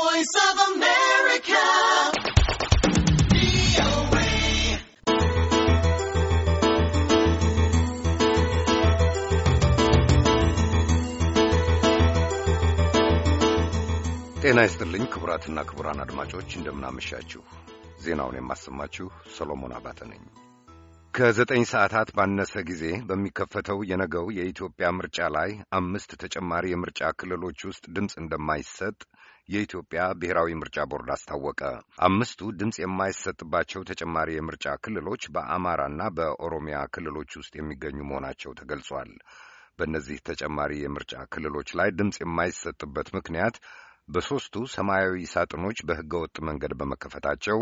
voice of America. ጤና ይስጥልኝ ክቡራትና ክቡራን አድማጮች እንደምናመሻችሁ። ዜናውን የማሰማችሁ ሰሎሞን አባተ ነኝ። ከዘጠኝ ሰዓታት ባነሰ ጊዜ በሚከፈተው የነገው የኢትዮጵያ ምርጫ ላይ አምስት ተጨማሪ የምርጫ ክልሎች ውስጥ ድምፅ እንደማይሰጥ የኢትዮጵያ ብሔራዊ ምርጫ ቦርድ አስታወቀ። አምስቱ ድምፅ የማይሰጥባቸው ተጨማሪ የምርጫ ክልሎች በአማራና በኦሮሚያ ክልሎች ውስጥ የሚገኙ መሆናቸው ተገልጿል። በእነዚህ ተጨማሪ የምርጫ ክልሎች ላይ ድምፅ የማይሰጥበት ምክንያት በሦስቱ ሰማያዊ ሳጥኖች በህገወጥ መንገድ በመከፈታቸው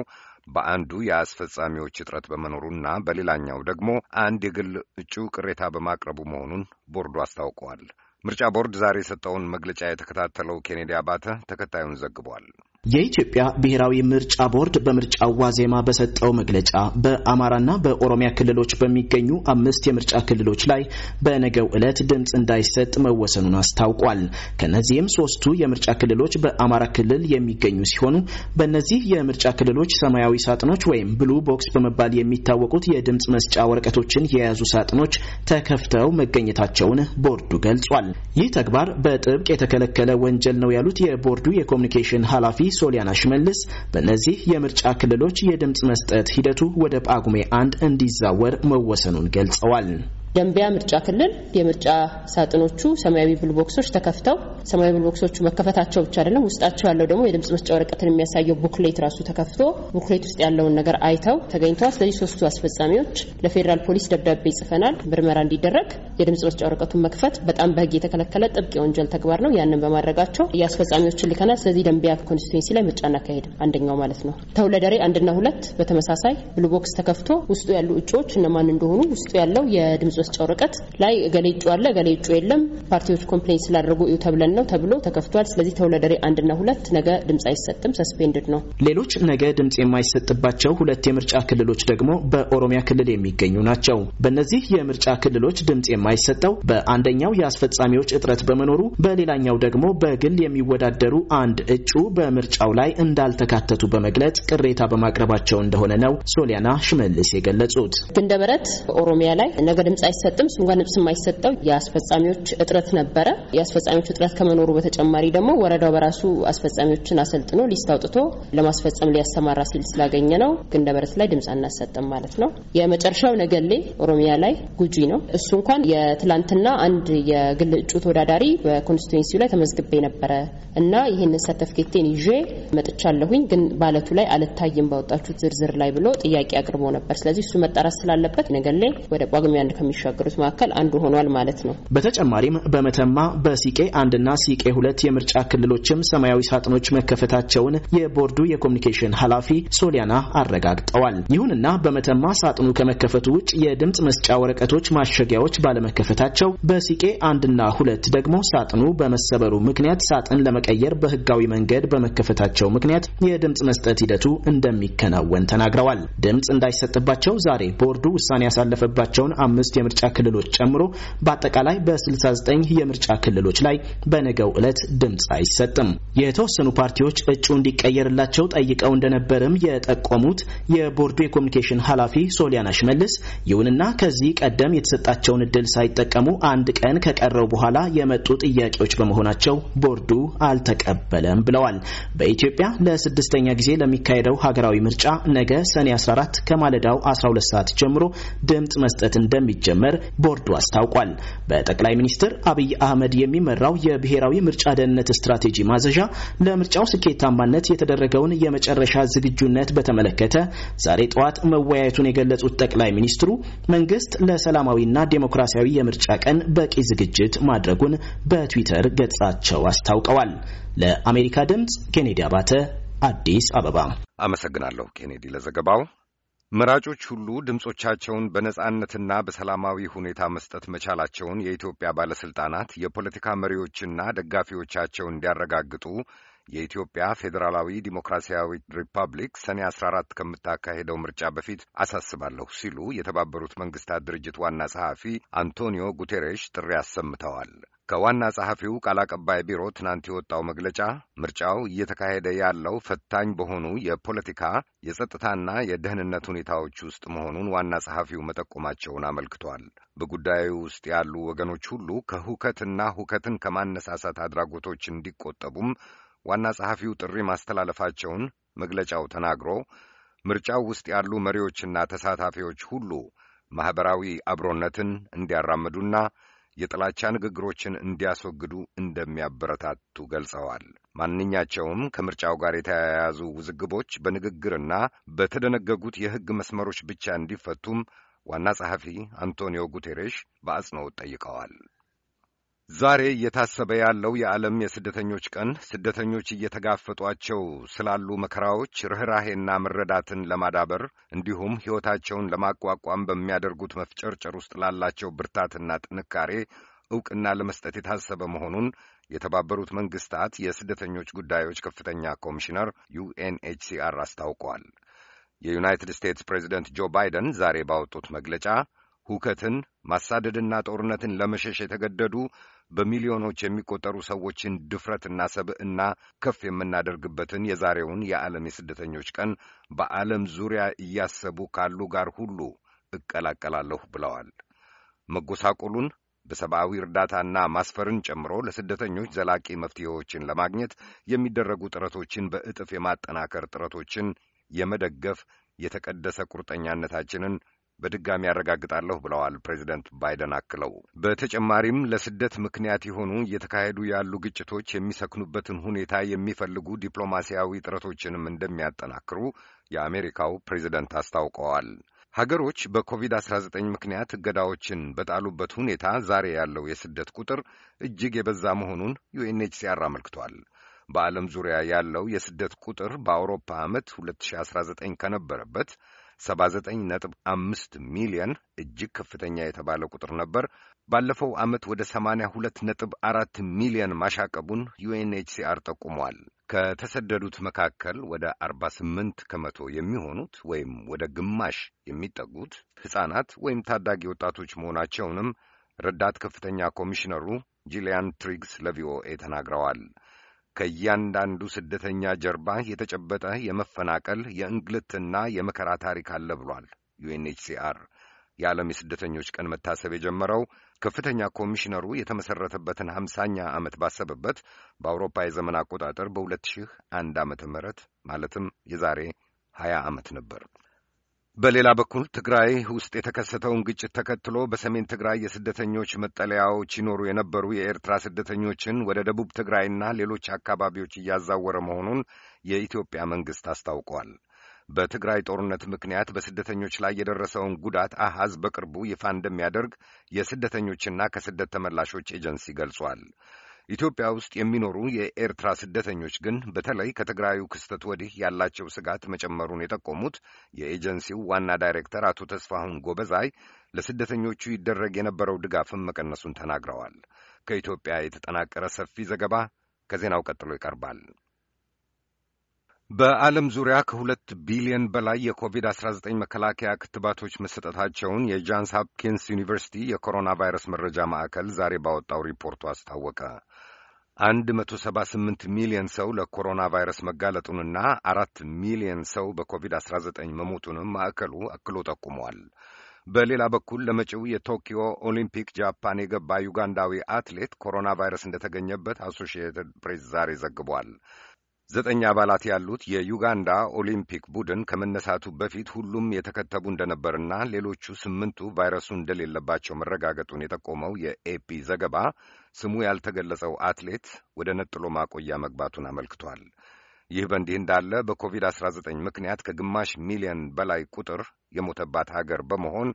በአንዱ የአስፈጻሚዎች እጥረት በመኖሩና በሌላኛው ደግሞ አንድ የግል እጩ ቅሬታ በማቅረቡ መሆኑን ቦርዱ አስታውቀዋል። ምርጫ ቦርድ ዛሬ የሰጠውን መግለጫ የተከታተለው ኬኔዲ አባተ ተከታዩን ዘግቧል። የኢትዮጵያ ብሔራዊ ምርጫ ቦርድ በምርጫው ዋዜማ በሰጠው መግለጫ በአማራና በኦሮሚያ ክልሎች በሚገኙ አምስት የምርጫ ክልሎች ላይ በነገው ዕለት ድምፅ እንዳይሰጥ መወሰኑን አስታውቋል። ከነዚህም ሶስቱ የምርጫ ክልሎች በአማራ ክልል የሚገኙ ሲሆኑ በእነዚህ የምርጫ ክልሎች ሰማያዊ ሳጥኖች ወይም ብሉ ቦክስ በመባል የሚታወቁት የድምፅ መስጫ ወረቀቶችን የያዙ ሳጥኖች ተከፍተው መገኘታቸውን ቦርዱ ገልጿል። ይህ ተግባር በጥብቅ የተከለከለ ወንጀል ነው ያሉት የቦርዱ የኮሚኒኬሽን ኃላፊ ሶሊያና ሽመልስ በእነዚህ የምርጫ ክልሎች የድምፅ መስጠት ሂደቱ ወደ ጳጉሜ አንድ እንዲዛወር መወሰኑን ገልጸዋል። ደንቢያ ምርጫ ክልል የምርጫ ሳጥኖቹ ሰማያዊ ብልቦክሶች ተከፍተው ሰማያዊ ብልቦክሶቹ መከፈታቸው ብቻ አይደለም፣ ውስጣቸው ያለው ደግሞ የድምጽ መስጫ ወረቀትን የሚያሳየው ቡክሌት ራሱ ተከፍቶ ቡክሌት ውስጥ ያለውን ነገር አይተው ተገኝተዋል። ስለዚህ ሶስቱ አስፈጻሚዎች ለፌዴራል ፖሊስ ደብዳቤ ጽፈናል፣ ምርመራ እንዲደረግ የድምጽ መስጫ ወረቀቱን መክፈት በጣም በህግ የተከለከለ ጥብቅ የወንጀል ተግባር ነው። ያንን በማድረጋቸው የአስፈጻሚዎችን ልከናል። ስለዚህ ደንቢያ ኮንስቲቱንሲ ላይ ምርጫ እናካሄድ አንደኛው ማለት ነው። ተውለደሬ አንድና ሁለት በተመሳሳይ ብልቦክስ ተከፍቶ ውስጡ ያሉ እጩዎች እነማን እንደሆኑ ውስጡ ያለው የድምጽ መስጫው ርቀት ላይ እገሌ እጩ አለ እገሌ እጩ የለም ፓርቲዎች ኮምፕሌንት ስላደረጉ እዩ ተብለን ነው ተብሎ ተከፍቷል። ስለዚህ ተወዳዳሪ አንድና ሁለት ነገ ድምጽ አይሰጥም፣ ሰስፔንድድ ነው። ሌሎች ነገ ድምጽ የማይሰጥባቸው ሁለት የምርጫ ክልሎች ደግሞ በኦሮሚያ ክልል የሚገኙ ናቸው። በእነዚህ የምርጫ ክልሎች ድምጽ የማይሰጠው በአንደኛው የአስፈጻሚዎች እጥረት በመኖሩ በሌላኛው ደግሞ በግል የሚወዳደሩ አንድ እጩ በምርጫው ላይ እንዳልተካተቱ በመግለጽ ቅሬታ በማቅረባቸው እንደሆነ ነው ሶሊያና ሽመልስ የገለጹት። ግንደበረት ኦሮሚያ ላይ ነገ ድምጽ አይሰጥም። እሱን ንብስም አይሰጠው የአስፈጻሚዎች እጥረት ነበረ። የአስፈጻሚዎች እጥረት ከመኖሩ በተጨማሪ ደግሞ ወረዳው በራሱ አስፈጻሚዎችን አሰልጥኖ ሊስት አውጥቶ ለማስፈጸም ሊያሰማራ ሲል ስላገኘ ነው ደበረት ላይ ድምፅ አናሰጥም ማለት ነው። የመጨረሻው ነገሌ ኦሮሚያ ላይ ጉጂ ነው። እሱ እንኳን የትላንትና አንድ የግል እጩ ተወዳዳሪ በኮንስቲቱንሲው ላይ ተመዝግቤ ነበረ እና ይህንን ሰርተፍኬቴን ይዤ መጥቻለሁኝ ግን ባለቱ ላይ አልታይም ባወጣችሁት ዝርዝር ላይ ብሎ ጥያቄ አቅርቦ ነበር። ስለዚህ እሱ መጣራት ስላለበት ነገሌ ወደ ጳጉሜ አንድ ከሚ ከሚሻገሩት መካከል አንዱ ሆኗል ማለት ነው። በተጨማሪም በመተማ በሲቄ አንድና ሲቄ ሁለት የምርጫ ክልሎችም ሰማያዊ ሳጥኖች መከፈታቸውን የቦርዱ የኮሚኒኬሽን ኃላፊ ሶሊያና አረጋግጠዋል። ይሁንና በመተማ ሳጥኑ ከመከፈቱ ውጭ የድምፅ መስጫ ወረቀቶች ማሸጊያዎች ባለመከፈታቸው፣ በሲቄ አንድና ሁለት ደግሞ ሳጥኑ በመሰበሩ ምክንያት ሳጥን ለመቀየር በህጋዊ መንገድ በመከፈታቸው ምክንያት የድምፅ መስጠት ሂደቱ እንደሚከናወን ተናግረዋል። ድምፅ እንዳይሰጥባቸው ዛሬ ቦርዱ ውሳኔ ያሳለፈባቸውን አምስት የምርጫ ክልሎች ጨምሮ በአጠቃላይ በ69 የምርጫ ክልሎች ላይ በነገው ዕለት ድምፅ አይሰጥም። የተወሰኑ ፓርቲዎች እጩ እንዲቀየርላቸው ጠይቀው እንደነበርም የጠቆሙት የቦርዱ የኮሚኒኬሽን ኃላፊ ሶሊያና ሽመልስ፣ ይሁንና ከዚህ ቀደም የተሰጣቸውን እድል ሳይጠቀሙ አንድ ቀን ከቀረው በኋላ የመጡ ጥያቄዎች በመሆናቸው ቦርዱ አልተቀበለም ብለዋል። በኢትዮጵያ ለስድስተኛ ጊዜ ለሚካሄደው ሀገራዊ ምርጫ ነገ ሰኔ 14 ከማለዳው 12 ሰዓት ጀምሮ ድምፅ መስጠት እንደሚጀ እንደሚጀመር ቦርዱ አስታውቋል። በጠቅላይ ሚኒስትር አብይ አህመድ የሚመራው የብሔራዊ ምርጫ ደህንነት ስትራቴጂ ማዘዣ ለምርጫው ስኬታማነት የተደረገውን የመጨረሻ ዝግጁነት በተመለከተ ዛሬ ጠዋት መወያየቱን የገለጹት ጠቅላይ ሚኒስትሩ መንግስት ለሰላማዊና ዴሞክራሲያዊ የምርጫ ቀን በቂ ዝግጅት ማድረጉን በትዊተር ገጻቸው አስታውቀዋል። ለአሜሪካ ድምፅ ኬኔዲ አባተ አዲስ አበባ። አመሰግናለሁ ኬኔዲ ለዘገባው። መራጮች ሁሉ ድምፆቻቸውን በነጻነትና በሰላማዊ ሁኔታ መስጠት መቻላቸውን የኢትዮጵያ ባለሥልጣናት የፖለቲካ መሪዎችና ደጋፊዎቻቸውን እንዲያረጋግጡ የኢትዮጵያ ፌዴራላዊ ዲሞክራሲያዊ ሪፐብሊክ ሰኔ 14 ከምታካሄደው ምርጫ በፊት አሳስባለሁ ሲሉ የተባበሩት መንግስታት ድርጅት ዋና ጸሐፊ አንቶኒዮ ጉቴሬሽ ጥሪ አሰምተዋል። ከዋና ጸሐፊው ቃል አቀባይ ቢሮ ትናንት የወጣው መግለጫ ምርጫው እየተካሄደ ያለው ፈታኝ በሆኑ የፖለቲካ የጸጥታና የደህንነት ሁኔታዎች ውስጥ መሆኑን ዋና ጸሐፊው መጠቆማቸውን አመልክቷል። በጉዳዩ ውስጥ ያሉ ወገኖች ሁሉ ከሁከትና ሁከትን ከማነሳሳት አድራጎቶች እንዲቆጠቡም ዋና ጸሐፊው ጥሪ ማስተላለፋቸውን መግለጫው ተናግሮ ምርጫው ውስጥ ያሉ መሪዎችና ተሳታፊዎች ሁሉ ማኅበራዊ አብሮነትን እንዲያራምዱና የጥላቻ ንግግሮችን እንዲያስወግዱ እንደሚያበረታቱ ገልጸዋል። ማንኛቸውም ከምርጫው ጋር የተያያዙ ውዝግቦች በንግግርና በተደነገጉት የሕግ መስመሮች ብቻ እንዲፈቱም ዋና ጸሐፊ አንቶኒዮ ጉቴሬሽ በአጽንኦት ጠይቀዋል። ዛሬ እየታሰበ ያለው የዓለም የስደተኞች ቀን ስደተኞች እየተጋፈጧቸው ስላሉ መከራዎች ርኅራሄና መረዳትን ለማዳበር እንዲሁም ሕይወታቸውን ለማቋቋም በሚያደርጉት መፍጨርጨር ውስጥ ላላቸው ብርታትና ጥንካሬ ዕውቅና ለመስጠት የታሰበ መሆኑን የተባበሩት መንግሥታት የስደተኞች ጉዳዮች ከፍተኛ ኮሚሽነር ዩኤንኤችሲአር አስታውቋል። የዩናይትድ ስቴትስ ፕሬዚደንት ጆ ባይደን ዛሬ ባወጡት መግለጫ ሁከትን፣ ማሳደድና ጦርነትን ለመሸሽ የተገደዱ በሚሊዮኖች የሚቆጠሩ ሰዎችን ድፍረትና ሰብዕና ከፍ የምናደርግበትን የዛሬውን የዓለም የስደተኞች ቀን በዓለም ዙሪያ እያሰቡ ካሉ ጋር ሁሉ እቀላቀላለሁ ብለዋል። መጎሳቆሉን በሰብአዊ እርዳታና ማስፈርን ጨምሮ ለስደተኞች ዘላቂ መፍትሄዎችን ለማግኘት የሚደረጉ ጥረቶችን በእጥፍ የማጠናከር ጥረቶችን የመደገፍ የተቀደሰ ቁርጠኛነታችንን በድጋሚ ያረጋግጣለሁ ብለዋል ፕሬዚደንት ባይደን አክለው። በተጨማሪም ለስደት ምክንያት የሆኑ እየተካሄዱ ያሉ ግጭቶች የሚሰክኑበትን ሁኔታ የሚፈልጉ ዲፕሎማሲያዊ ጥረቶችንም እንደሚያጠናክሩ የአሜሪካው ፕሬዚደንት አስታውቀዋል። ሀገሮች በኮቪድ-19 ምክንያት እገዳዎችን በጣሉበት ሁኔታ ዛሬ ያለው የስደት ቁጥር እጅግ የበዛ መሆኑን ዩኤንኤችሲአር አመልክቷል። በዓለም ዙሪያ ያለው የስደት ቁጥር በአውሮፓ ዓመት 2019 ከነበረበት 79.5 ሚሊዮን እጅግ ከፍተኛ የተባለ ቁጥር ነበር። ባለፈው ዓመት ወደ 82.4 ሚሊዮን ማሻቀቡን ዩኤንኤችሲአር ጠቁሟል። ከተሰደዱት መካከል ወደ 48 ከመቶ የሚሆኑት ወይም ወደ ግማሽ የሚጠጉት ሕፃናት ወይም ታዳጊ ወጣቶች መሆናቸውንም ረዳት ከፍተኛ ኮሚሽነሩ ጂሊያን ትሪግስ ለቪኦኤ ተናግረዋል። ከእያንዳንዱ ስደተኛ ጀርባ የተጨበጠ የመፈናቀል የእንግልትና የመከራ ታሪክ አለ ብሏል ዩኤንኤችሲአር። የዓለም የስደተኞች ቀን መታሰብ የጀመረው ከፍተኛ ኮሚሽነሩ የተመሠረተበትን ሐምሳኛ ዓመት ባሰበበት በአውሮፓ የዘመን አቆጣጠር በ2001 ዓ ም ማለትም የዛሬ 20 ዓመት ነበር። በሌላ በኩል ትግራይ ውስጥ የተከሰተውን ግጭት ተከትሎ በሰሜን ትግራይ የስደተኞች መጠለያዎች ይኖሩ የነበሩ የኤርትራ ስደተኞችን ወደ ደቡብ ትግራይና ሌሎች አካባቢዎች እያዛወረ መሆኑን የኢትዮጵያ መንግሥት አስታውቋል። በትግራይ ጦርነት ምክንያት በስደተኞች ላይ የደረሰውን ጉዳት አሃዝ በቅርቡ ይፋ እንደሚያደርግ የስደተኞችና ከስደት ተመላሾች ኤጀንሲ ገልጿል። ኢትዮጵያ ውስጥ የሚኖሩ የኤርትራ ስደተኞች ግን በተለይ ከትግራዩ ክስተት ወዲህ ያላቸው ስጋት መጨመሩን የጠቆሙት የኤጀንሲው ዋና ዳይሬክተር አቶ ተስፋሁን ጎበዛይ ለስደተኞቹ ይደረግ የነበረው ድጋፍም መቀነሱን ተናግረዋል። ከኢትዮጵያ የተጠናቀረ ሰፊ ዘገባ ከዜናው ቀጥሎ ይቀርባል። በዓለም ዙሪያ ከሁለት ቢሊዮን በላይ የኮቪድ-19 መከላከያ ክትባቶች መሰጠታቸውን የጃንስ ሀፕኪንስ ዩኒቨርሲቲ የኮሮና ቫይረስ መረጃ ማዕከል ዛሬ ባወጣው ሪፖርቱ አስታወቀ። 178 ሚሊዮን ሰው ለኮሮና ቫይረስ መጋለጡንና አራት ሚሊዮን ሰው በኮቪድ-19 መሞቱንም ማዕከሉ አክሎ ጠቁመዋል። በሌላ በኩል ለመጪው የቶኪዮ ኦሊምፒክ ጃፓን የገባ ዩጋንዳዊ አትሌት ኮሮና ቫይረስ እንደተገኘበት አሶሺየትድ ፕሬስ ዛሬ ዘግቧል። ዘጠኝ አባላት ያሉት የዩጋንዳ ኦሊምፒክ ቡድን ከመነሳቱ በፊት ሁሉም የተከተቡ እንደነበርና ሌሎቹ ስምንቱ ቫይረሱ እንደሌለባቸው መረጋገጡን የጠቆመው የኤፒ ዘገባ ስሙ ያልተገለጸው አትሌት ወደ ነጥሎ ማቆያ መግባቱን አመልክቷል። ይህ በእንዲህ እንዳለ በኮቪድ-19 ምክንያት ከግማሽ ሚሊዮን በላይ ቁጥር የሞተባት ሀገር በመሆን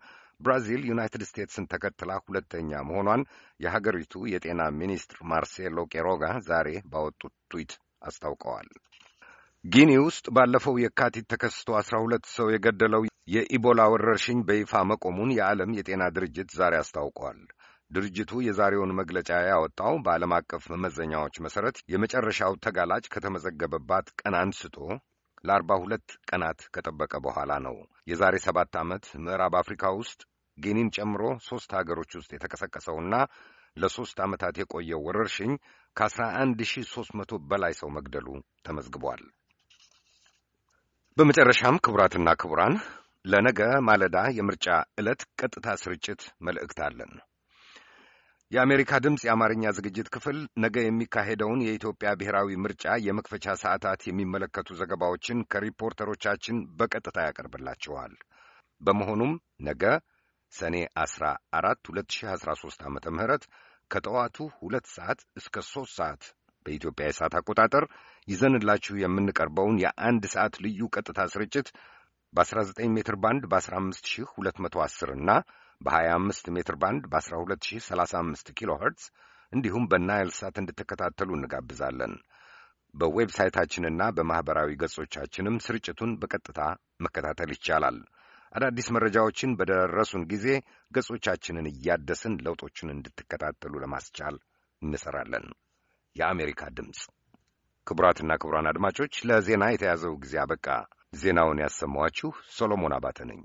ብራዚል ዩናይትድ ስቴትስን ተከትላ ሁለተኛ መሆኗን የሀገሪቱ የጤና ሚኒስትር ማርሴሎ ቄሮጋ ዛሬ ባወጡት ትዊት አስታውቀዋል። ጊኒ ውስጥ ባለፈው የካቲት ተከስቶ አስራ ሁለት ሰው የገደለው የኢቦላ ወረርሽኝ በይፋ መቆሙን የዓለም የጤና ድርጅት ዛሬ አስታውቋል። ድርጅቱ የዛሬውን መግለጫ ያወጣው በዓለም አቀፍ መመዘኛዎች መሠረት የመጨረሻው ተጋላጭ ከተመዘገበባት ቀን አንስቶ ለአርባ ሁለት ቀናት ከጠበቀ በኋላ ነው። የዛሬ ሰባት ዓመት ምዕራብ አፍሪካ ውስጥ ጊኒን ጨምሮ ሦስት አገሮች ውስጥ የተቀሰቀሰውና ለሦስት ዓመታት የቆየው ወረርሽኝ ከ11300 በላይ ሰው መግደሉ ተመዝግቧል። በመጨረሻም ክቡራትና ክቡራን ለነገ ማለዳ የምርጫ ዕለት ቀጥታ ስርጭት መልእክት አለን። የአሜሪካ ድምፅ የአማርኛ ዝግጅት ክፍል ነገ የሚካሄደውን የኢትዮጵያ ብሔራዊ ምርጫ የመክፈቻ ሰዓታት የሚመለከቱ ዘገባዎችን ከሪፖርተሮቻችን በቀጥታ ያቀርብላችኋል። በመሆኑም ነገ ሰኔ 14 2013 ዓ ም ከጠዋቱ ሁለት ሰዓት እስከ ሦስት ሰዓት በኢትዮጵያ የሰዓት አቆጣጠር ይዘንላችሁ የምንቀርበውን የአንድ ሰዓት ልዩ ቀጥታ ስርጭት በ19 ሜትር ባንድ በ15210 እና በ25 ሜትር ባንድ በ12035 ኪሎ ኸርትዝ እንዲሁም በናይል ሳት እንድትከታተሉ እንጋብዛለን። በዌብሳይታችንና በማኅበራዊ ገጾቻችንም ስርጭቱን በቀጥታ መከታተል ይቻላል። አዳዲስ መረጃዎችን በደረሱን ጊዜ ገጾቻችንን እያደስን ለውጦችን እንድትከታተሉ ለማስቻል እንሰራለን። የአሜሪካ ድምፅ። ክቡራትና ክቡራን አድማጮች ለዜና የተያዘው ጊዜ አበቃ። ዜናውን ያሰማኋችሁ ሶሎሞን አባተ ነኝ።